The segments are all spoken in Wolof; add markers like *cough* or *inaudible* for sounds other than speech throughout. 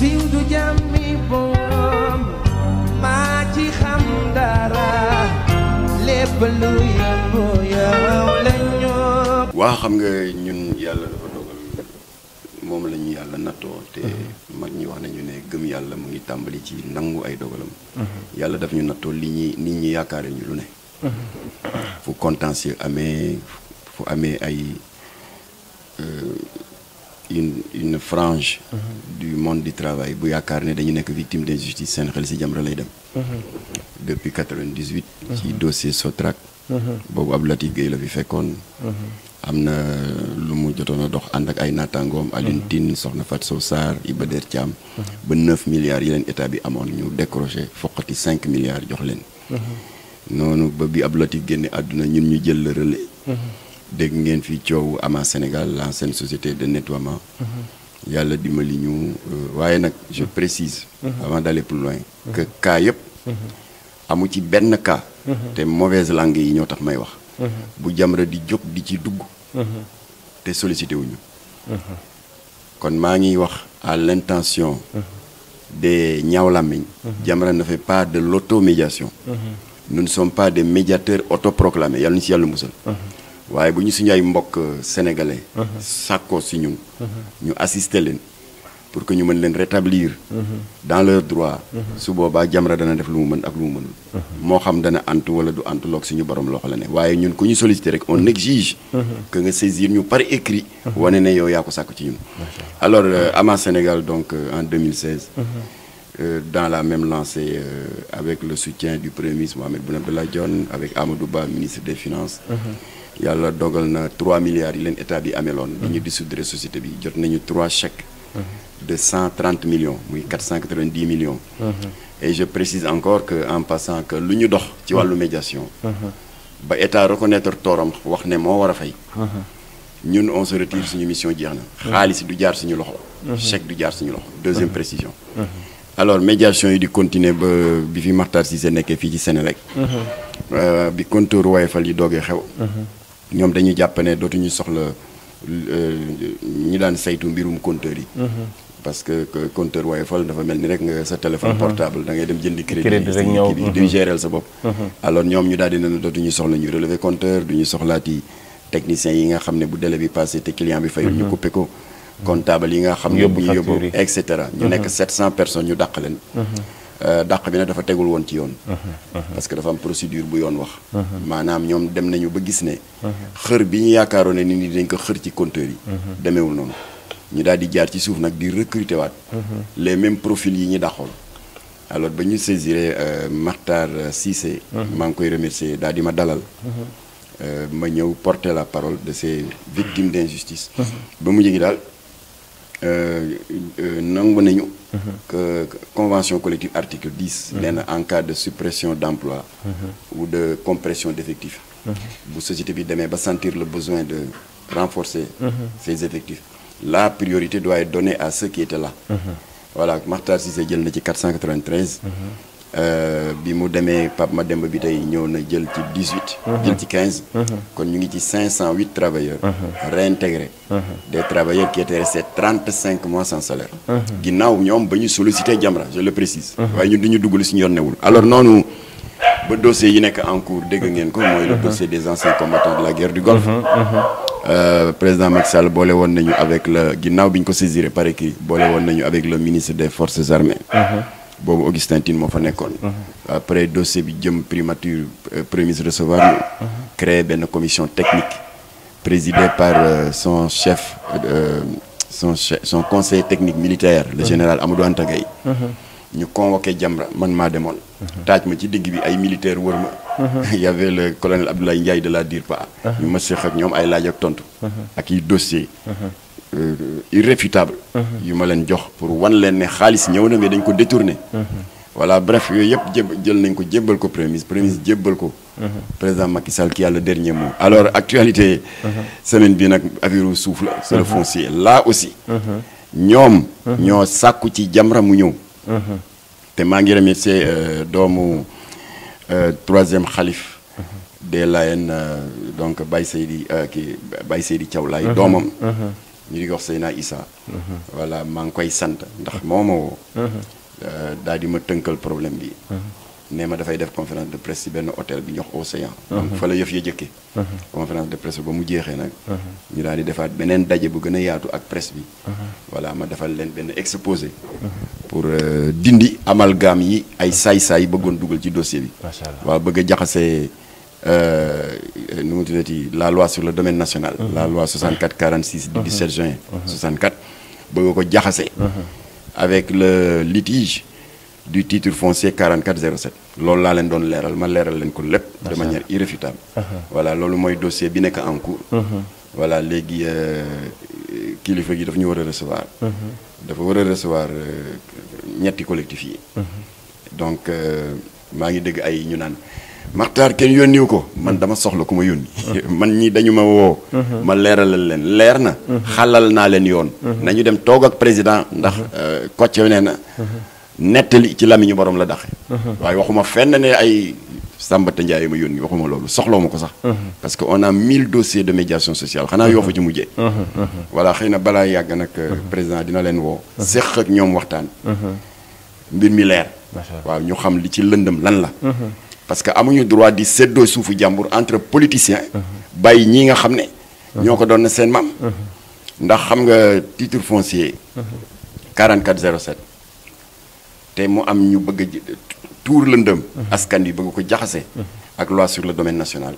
siiw du jàmmi boom maa ci xam dara lépp lu yëngu yow la ñoo xam nga ñun yàlla dafa dogal moom la yàlla nattoo te mag ñi wax nañu ne gëm yàlla mu ngi tàmbali ci nangu ay dogalam mhm. yàlla daf ñu nattoo li ñi nit ñi yaakaare ñu lu ne mhm. fu contentieux amee fu amee ay euh, une une frange. Mhm. du monde du travail bu yaakaar ne dañu nekk victime d'injustice seen xel si Jamra lay dem. Mhm. depuis 98. Mhm. ci dossier Sotrac. boobu Abdou Latif Gueye fi fekkoon. am na lu mu jotoon a dox ànd ak ay naataangoom. Alioune Tine soxna Fatou Sow i Iba Der Thiam. ba neuf milliards yeneen état bi amoon ñu décroché foqati cinq milliards jox leen. noonu ba bi Abdou Latif génne àdduna ñun ñu jël le relais. dégg ngeen fi ciow ama Sénégal l'ancienne société de nettoiement. Mhm. yàlla dimbali ñu euh, waye nak je mhm. précise. Mhm. avant d'aller plus loin. que cas yëpp. amu ci benn cas. te mauvaise langue yi ñoo tax may wax. bu Jamra di jog di ci dugg. te sollicité wuñu kon ma ngi wax à l'intention des ñaaw Jamra ne fait pas de l'auto-médiation. nous ne sommes pas des médiateurs autoproclamés yalla ñu yalla yàlla musal waaye bu ñu suñu ay mbokk euh, sénégalais. Uh-huh. sàkkoo si ñun. Uh-huh. ñu assister leen pour que ñu mën leen rétablir. Uh-huh. dans leur droit. su boobaa Jamra dana def lu mu mën ak lu mu mënul. moo xam dana antu wala du antu loog suñu borom loxo la ne waaye ñun ku ñu solliciter rek on exige. que nga saisir ñu par écrit. wane ne yow yaa ko sàkk ci ñun. alors euh, Ama Sénégal donc euh, en 2016. dans la même lancée avec le soutien du Premier ministre Mohamed Boun avec Amadou Ba ministre des Finances yalla dogal na 3 milliards yi len état bi ameloon bi ñu dissoudre société bi jot nañu 3 chèques de 130 millions 490 millions et je précise encore que en passant que luñu dox ci walu médiation ba état reconnaître tooram wax ne mo wara fay ñun on se retire suñu mission jeex na du jaar suñu loxo chèque du jaar suñu loxo deuxième précision alors médiation yi di continuer ba bi fi Makhtar Cissé nekkee fi ci Sénélec euh, bi compteur wayfal yi doogee xew ñom dañuy jàpp ne dootuñu soxla euh, ñi daan saytu mbirum compteur yi. Mhm. parce que compteur Woyofal dafa melni rek nga sa téléphone mhm. portable da ngay dem jëndi crédit rek ñëw kii mhm. di gérer sa bop alors ñom ñu daal di ne dootuñu soxla ñu relevé compteur duñu soxlaati technicien yi nga xamné bu délai bi passé té client bi fay ñu coupé ko comptable yi nga xam ne bu ñu et cetera ñu nek 700 personnes ñu dàq leen euh, dàq bi ne dafa tegul won ci yoon. parce que dafa am procédure bu yoon wax. manam ñom dem nañu ba gis né xër bi ñu yaakaaroon ne ni ñi dañ ko xër ci compteur yi. déméwul non ñu daal di jaar ci suuf nak di recruter waat. les mêmes profils yi ñi dàqoon. alors ba ñu saisiré euh, Martar Cissé. maa ngi koy remercier daal di ma dalal. euh ma ñëw porter la parole de ces victimes d'injustice. ba mu jégi daal. Euh, euh, que convention collective article 10, même en cas de suppression d'emploi mhm. ou de compression d'effectifs. vous mhm. société de sentir le besoin de renforcer. Mhm. ses effectifs la priorité doit être donnée à ceux qui étaient là. voilà Martin Sisegel jël 493. Euh, bi mu Pape Mademba bi nous ñëw na jël ci 18, mhm. jël ci quinze. Mhm. kon travailleurs. Mhm. réintégrés. des travailleurs qui étaient restés 35 mois sans salaire. ginnaaw ñom bañu sollicité Jamra je le précise. way ñu alors nous, le dossier est en cours dégg le dossier des anciens combattants de la guerre du Golfe. le euh, président Macky Sall Bolé avec le par avec le ministre des forces armées boobu Augustin Tine moo fa uh-huh. après dossier bi jëm primature euh, prémices recevoir. Uh-huh. créé une commission technique. présidée par euh, son chef euh, son son conseil technique militaire. le uh-huh. général Amadou Anta Gueye. ñu convoqué Jamra man ma démon taaj ma ci digg bi ay militaires ma. *laughs* y avait le colonel Abdoulaye Ndiaye de la DIRPA. ñu ma séq ak ñom ay laaj ak tontu. ak euh, irréfutable mhm. pour wan leen ne détourné mhm. voilà bref yooyu yëpp nañ ko mhm. président Macky qui a le dernier mot alors actualité semaine bi nag la sur foncier là aussi ñoom ñoo sàkku ci Jamra mu troisième des donc Baye Seydi euh, Baye Seydi ñu di ko wax Issa. Mhm. voilà maa ngi koy sant ndax moo ma woo. Mhm. Euh, daal di ma tënkal problème bi. Mhm. nee ma dafay def conférence de presse ci benn hôtel bi ñuy wax Océan. donc fa la yëf ya jëkkee. conférence de presse ba mu jeexee nag. ñu daal di defaat beneen daje bu gën a yaatu ak presse bi. voilà ma defal leen benn exposé. pour euh, dindi amalgame yi ay saay-saay bëggoon dugal ci dossier bi. macha allah waaw bëgg a jaxasee. Euh, euh, nous dit la loi sur le domaine national. Mhm. la loi 6446 du 17 juin. 64 mhm. mhm. avec le litige du titre foncier 4407. l'a de manière irréfutable. voilà le dossier bi est en cours. voilà les qui qui daf qui doivent a recevoir. dafa doivent recevoir euh, ñetti collectif yi. donc maa ngi dégg ay ñu Maxtaar kenn yónniwu ko man dama soxla ku ma yónni. *laughs* man ñi dañu ma woo. Mhm. ma leeralal leen leer na. Mhm. xalal naa leen yoon. Mhm. nañu dem toog ak président ndax euh, Kocc nee na. nettali ci lamiñu borom la dax waaye waxuma fenn ne ay Sambata Ndiaye ma yónni waxuma loolu soxloo ma ko sax. parce que on a mille dossiers de médiation sociale xanaa yoo fa ci mujjee. voilà xëy na balaa yàgg nag euh, président dina leen woo. séq ak ñoom waxtaan. mbir mi leer. waaw ñu xam li ci lëndam lan la. parce que amuñu droit di séddoo soufu jambour entre politiciens. bay ñii nga xamné ñoko donne sen doon ndax xam nga titre foncier. 4407. té mu am ñu bëgg tour tuur lëndëm. askan yi bëgg ko jaxassé ak loi sur le domaine national.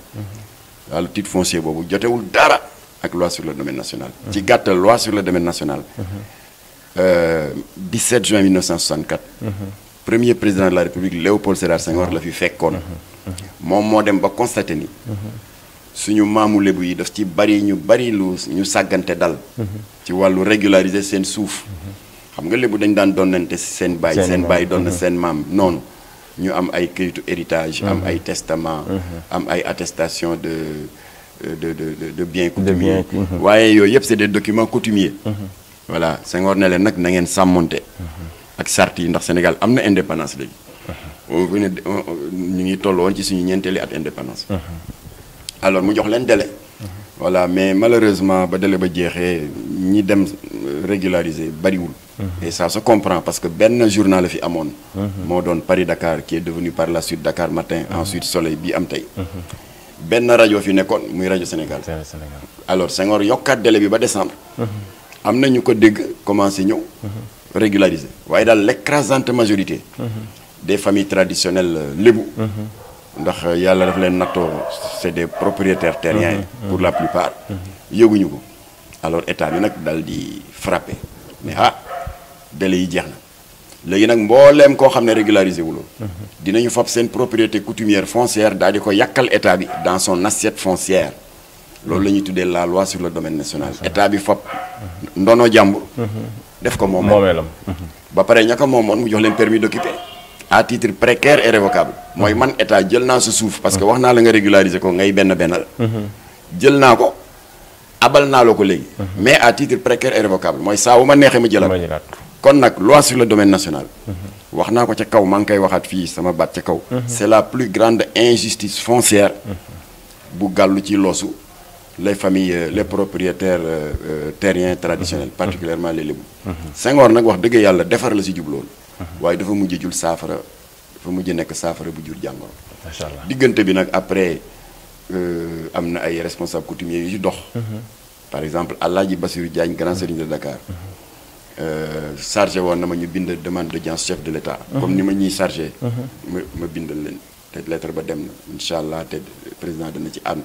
le titre foncier boobu jotewul dara ak loi sur le domaine national. ci gàttal loi sur le domaine national. 17 euh, juin 1964 premier président de la république Léopold Sédar Senghor la fi faire mhm. mhm. moom moo dem ba ni. Mhm. suñu maamu lébu yi daf ci bari ñu bari lu ñu dal. ci régulariser un xam nga dañ daan donné des ñu am ay héritage. am ay testament. am ay attestation de de de de bien coutumier. des documents coutumiers. voilà Senghor na ak charte ndax Sénégal amna indépendance léegi. bu uh-huh. ne euh, euh, ñu ngi toll ci suñu ñenteli at indépendance. Uh-huh. alors mu jox len délai. Uh-huh. voilà mais malheureusement ba délai ba jéxé ñi dem euh, régulariser bari bariwul. et ça se comprend parce que ben journal la fi amoon. moo doon Paris Dakar qui est devenu par la suite Dakar Matin ensuite Soleil bi am tay tey. ben radio fi nekkoon muy radio Sénégal. alors Senghor yokkaat délai bi ba décembre. am amna ñu ko dégg commencé ñëw régularisé c'est l'écrasante majorité des familles traditionnelles euh, lébu ndax euh, yàlla daf leen nato, c'est des propriétaires terriens pour la plupart ils ko alors état bi alors l'État di frappé mais ah de yi Le na léegi nag mbooleem koo xam ne régularisé wuloon une propriété coutumière foncière daal di ko yàkkal état dans son assiette foncière loolu la ñuy tuddee la loi sur le domaine national état bi fop ndono jàmbur def ko moom moomeelam ba pare ña ko moomoon mu jox leen permis d'occuper à titre précaire et révocable mooy man état jël naa sa suuf parce que wax naa la nga régulariser ko ngay benn benn la jël naa ko abal naa la ko léegi mais à titre précaire et révocable mooy saa wu ma neexee ma kon nak loi sur le domaine national wax naa ko ca kaw maa ngi koy waxaat fii sama baat ca kaw c'est la plus grande injustice foncière bu gàllu ci loosu les familles euh, les propriétaires euh, euh, terriens traditionnels particulièrement les lébu Senghor nag wax a yàlla defar la si jubloolu Ouais, dafa mujj jul saafara dafa mujj nekk saafara bu jur jàngoro macha allah diggante bi nag après am na ay responsables coutumiers yu ci par exemple Alaaji Bassirou Diagne grand sérigne de Dakar chargé woon na ma ñu bind demande d'audience chef de l'État comme nous ma ñuy chargé ma le bindal leen te lettre ba dem na incha président de ci ànd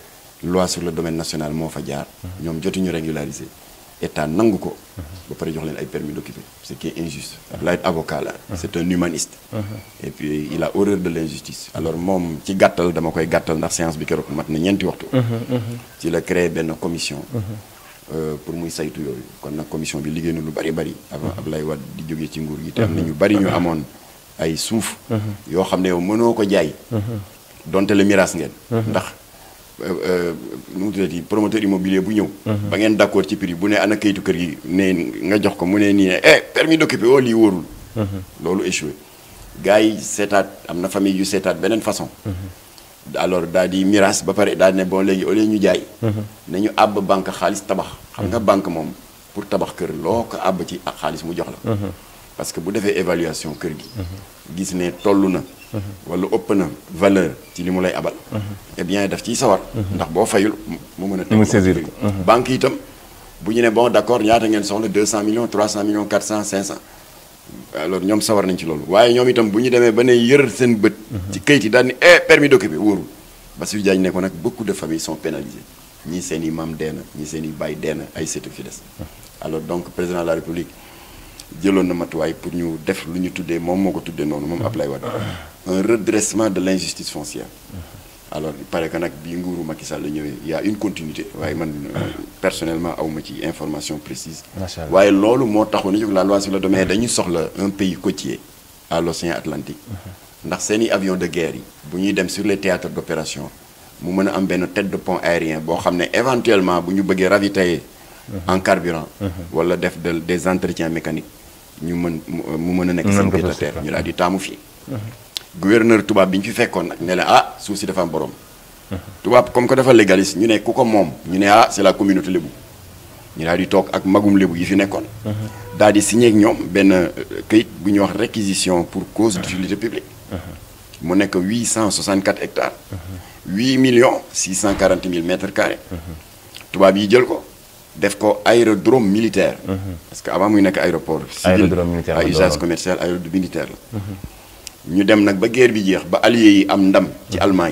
loi sur le domaine national mofa fa jaar. régulariser état nangu ba jox leen permis d'occuper C'est qui est injuste. avocat c'est un humaniste. et puis il a horreur de l'injustice. alors mom ci dama koy ndax séance bi mat na la créé une commission. Euh, pour muy saytu yooyu kon une commission bi liggéey na lu bari bari. avant di joggé ci nguur gi. ñu bari ñu ay ko jaay. le nu mu tuddati promoteur immobilier bu ñëw. ba ngeen d' accord ci prix bu ne ana kayitu kër gi ne nga jox ko mu ne nii ne eh permis d' occuper oo oh, loolu échoué gars yi seetaat am na famille yu seetaat beneen façon. alors daal di miraas ba pare daal ne bon léegi au ñu jaay. nañu àbb banque xaalis tabax. xam nga banque moom pour tabax kër loo ko àbb ci ak xaalis mu jox la. Mhm. parce que bu defee évaluation kër gi. gis ne toll na. wala ëpp na valeur ci li mu lay abal. et eh bien daf ciy sawar. ndax boo fayul mu mën a. mu saisir banque itam bu ñu ne bon d' accord ñaata ngeen soxla 200 millions 300 millions 400 500. alors ñoom sawar nañ ci loolu waaye ñoom itam bu ñu demee ba ne yër seen bët. ci kayit yi daal ni eh permis d'occuper wóorul. Bassirou Diagne ne ko nag beaucoup de familles sont pénalisées ñii seen i maam dee na ñii seen i baay dee na ay sëtu fi des. alors donc président de la république jëloon na matuwaay pour ñu def lu ñu tuddee moom moo ko tuddee noonu moom Ablaye Wade un redressement de l'injustice foncière alors il paraît que Macky Sall y a une continuité euh, personnellement j'ai ci information précise waaye loolu le taxoon fait la loi sur le domaine d'un un pays côtier à l'océan Atlantique ndax des avions de guerre yi bu ñuy sur les théâtres d'opération Nous avons a am tête de pont aérien Nous quand éventuellement bu ñu ravitailler mhm. en carburant mhm. wala def des entretiens mécaniques nous avons euh, mu mën a nekk pied terre gouverneur Touba biñ fait fi fekkoon nak ne la ah souci dafa am borom. tubaab comme que dafa légaliste ñu né kuko mom ñu né ah c'est la communauté lébu ñu daal di toog ak magum lébu yi fi nekkoon. daal di signé ak ñom ben euh, këyit bu ñu wax réquisition pour cause d'utilité publique. mu nekk 864 hectares. 8 millions 640 mille mètres carrés. tubaab yi jël ko def ko aérodrome militaire. parce que avant muy aéroport. civil militaire. usage commercial aérodrome militaire nous sommes la guerre alliés hmm.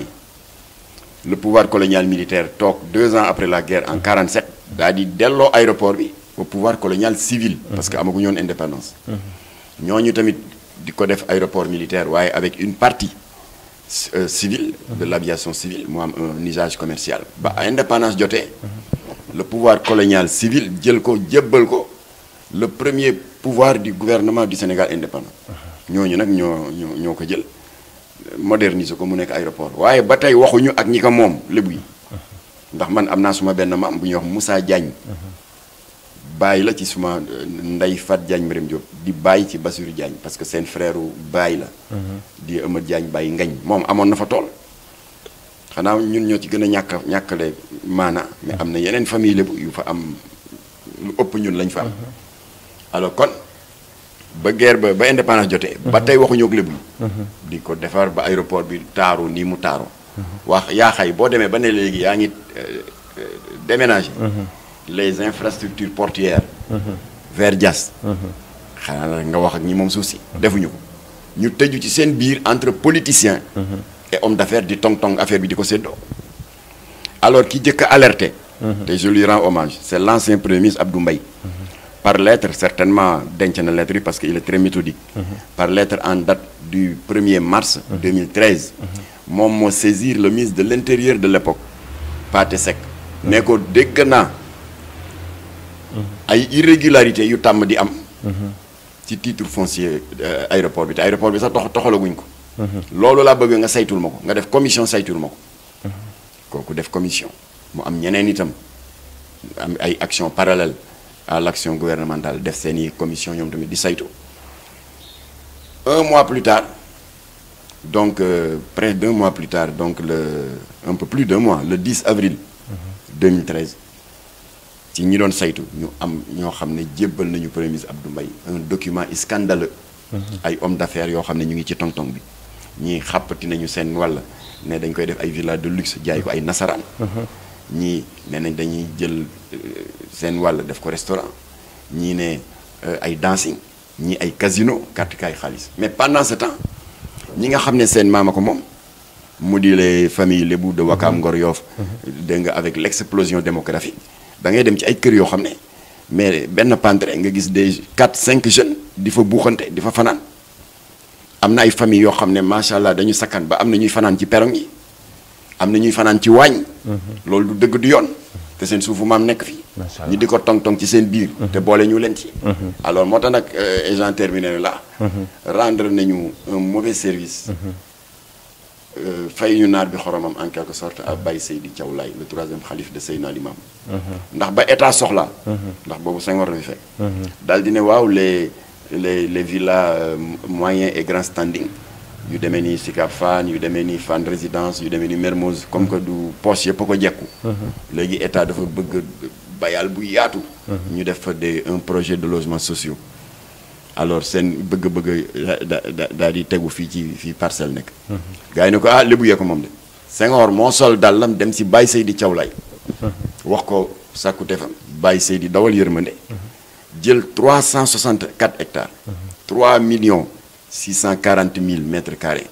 le pouvoir colonial militaire deux ans après la guerre en 1947, a dit « aéroport au pouvoir colonial civil hmm. parce que n'y une indépendance Nous hmm. tamit di aéroport militaire avec une partie euh, civile de l'aviation civile un usage commercial L'indépendance, le pouvoir colonial civil le premier pouvoir du gouvernement du Sénégal indépendant ñooñu nag ñoo ñoo ñoo ko jël moderniser ko mu nekk aéroport waaye ba tey waxuñu ak ñi ko moom lébu yi ndax man am naa suma benn maam bu ñuy wax Moussa Diagne bàyyi la ci suma euh, ndey Fat Diagne Mariam Diop di bàyyi ci Bassirou Diagne parce que seen frère bàyyi la di Amad bàyyi ngañ moom amoon na fa tool xanaa ñun ñoo ci gën a ñàkk ñàkkale maana mais am na yeneen famille lébu yu fa am lu ëpp ñun lañ fa am alors kon ba guerre ba ba indépendance jotee. ba mhm. tey waxuñu ak léblu mhm. di ko defar ba aéroport bi taaru nii mu taaru wax yaa xay boo demee ba ne léegi ngi euh, euh, déménager mhm. les infrastructures portières vers Dias. xanaa nag nga wax ak ñi moom suuf si defuñu ko ñu tëju ci seen biir entre politiciens et hommes d'affaires di tong tong affaire bi di ko alors ki jëkk été alerté te je lui rends hommage c'est l'ancien premier ministre Abdou Mbaye par lettre, certainement, d'un Lettre, parce qu'il est très méthodique, mhm. par lettre en date du 1er mars 2013, moi, moi, saisir le ministre de l'Intérieur de l'époque, Pate Sec. Mais que dès que ay irrégularité yu tàmm di am. Mhm. ci titre foncier euh, aéroport bi L'aéroport, aéroport bi sax tout toxalaguñ ko. Mhm. loolu laa bëgg nga saytul nga def commission saytul ma fait une def commission mu am ñeneen itam am ay action parallèle à l'action gouvernementale def seeni commission ñoom tamit di un mois plus tard donc euh, près d'un mois plus tard donc le un peu plus d'un mois le 10 avril 2013 ci ñi doon saytu ñu am ñoo xam ne jébbal nañu premier un document scandaleux mm-hmm. ay hommes d'affaires yoo xam ne ñu ngi ci tong-tong bi ñii xàppati nañu seen wàll ne dañ koy def ay villa de luxe jaay ko ay nasaraan mm-hmm. ñii nee nañ dañuy jël euh, seen wàll def ko restaurant ñii ne euh, ay dancing ñii ay casino carte xaalis mais pendant ce temps ñi nga xam ne seen maama ko moom mu di les familles Lébu de Wakaam Ngor Yoof dégg nga avec l' explosion démographique da ngay dem ci ay kër yoo xam ne mais benn pantre nga gis des quatre cinq jeunes di fa buuxante di fa fanaan am na ay famille yoo xam ne macha allah dañu sakkan ba am na ñuy fanaan ci perong yi amna ñuy fanaan ci wañ mhm. loolu du deug du yoon seen maam fi ñu diko tong-tong ci seen mhm. ñu mhm. alors maintenant euh, nak là rendre nañu un mauvais service euh, fay ñu nar bi en quelque sorte à Baye Seydi le troisième khalife de Seydina Limam ndax ba état soxla ndax bobu la fait. les les les villas euh, moyens et grand standing yu demee ni Sicap Fann yu demee ni Fann yu demee ni Mermoz comme que du poche yëpp a ko jekku uh-huh. léegi état dafa bëgg bayal bu yaatu uh-huh. ñu def fa des un projet de logement sociaux alors c'est bëgg-bëgg daal di tegu fii ci fii parcelle nekk uh-huh. gars yi ne ko ah lébu yee ko moom de Senghor mon sol dàllam dem si Baye Seydi Thiawlaay wax ko sàkkute fam Baye Seydi dawal yërmande jël 364 hectares 3 millions 640 000 mètres carrés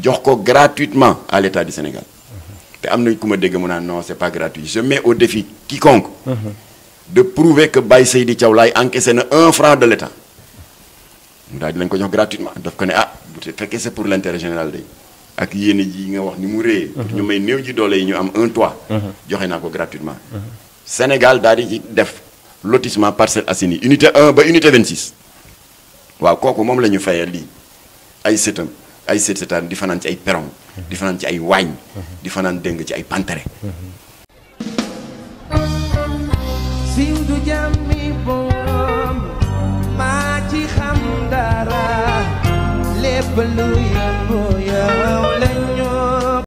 jox gratuitement à l'État du Sénégal te am na ku ma dégg mu non c'est pas gratuit je mets au défi quiconque de prouver que Baye Seydi Thiaw Laye encaissé un franc de l'État mu daal ko jox gratuitement daf ko ne ah c'est pour l'intérêt général day ak yéen yi nga wax ni mu réyee pour ñu may néew ji doole yi ñu am un toit joxe naa gratuitement Sénégal daal di def lotissement parcelle Assainies unité 1 ba unité 26 wa kooku mom lañu fayal li ay sëtam ay sët sëtaan di fanan ci ay perom di fanan ci ay waañ di fanan deng ci ay pantere siiw du jàmmi boom maa ci xam dara lepp lu yëngu yow ñoo